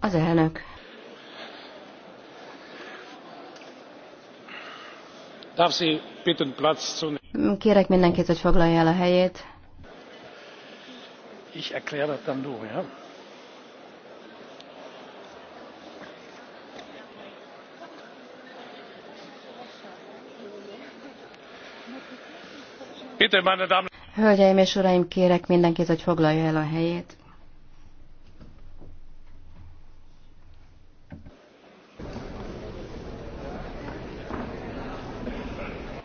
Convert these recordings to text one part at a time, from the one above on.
Az elnök. Kérek mindenkit, hogy foglalja el a helyét. Ich erkläre das dann du, ja? Bitte, meine Damen Hölgyeim és uraim, kérek mindenkit, hogy foglalja el a helyét.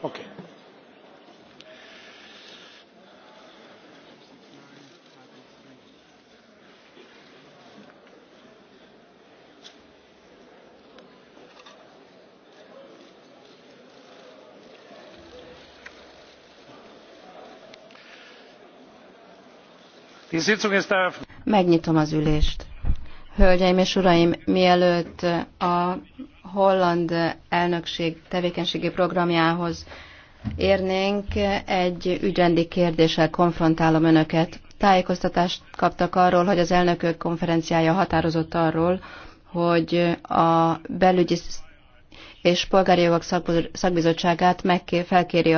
Okay. Megnyitom az ülést. Hölgyeim és uraim, mielőtt a holland elnökség tevékenységi programjához érnénk, egy ügyrendi kérdéssel konfrontálom önöket. Tájékoztatást kaptak arról, hogy az elnökök konferenciája határozott arról, hogy a belügyi és polgári jogok szakbizottságát meg felkéri a